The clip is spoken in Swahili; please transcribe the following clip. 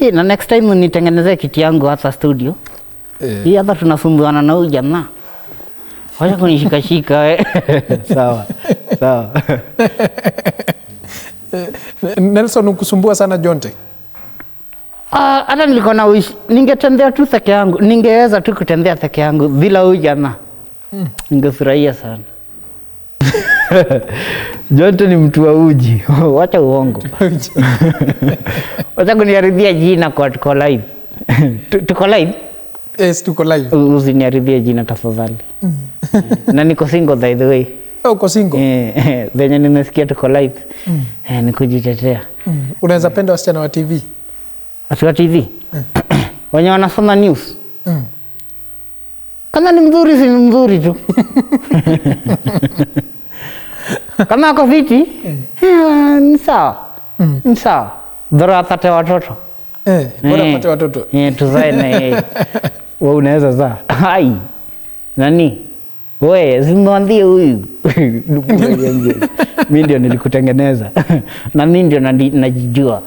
Hii na next time nitengeneze kiti yangu hata studio. Eh. Hii hata tunasumbuana na huyu jamaa. Wacha kunishikashika we. Eh. Sawa. Sawa. Eh, Nelson ukusumbua sana Jonte? Ah, uh, nilikuwa na wish ningetembea tu peke yangu, ningeweza tu kutembea peke yangu bila huyu jamaa. Mm. Ningefurahia sana. Joto ni mtu wa uji. Wacha uongo, wacha kuniharibia jina kwa tuko live. Tuko live? Yes, tuko live. Usiniharibie jina tafadhali. Mm. Na niko single by the way. Oh, Uko single? Eh, eh venye nimesikia tuko live. Mm. Eh, nikujitetea. Mm. Unaweza penda wasichana wa TV? Wasichana wa TV? Wenye wanasoma news? Kama ni mzuri si mzuri tu kama ako fiti eh. eh, ni sawa, mm. ni sawa, bora apate watoto eh, tuzae na yeye. We unaweza zaa hai nani we zimwambie huyu mi ndio nilikutengeneza na mi ndio najijua.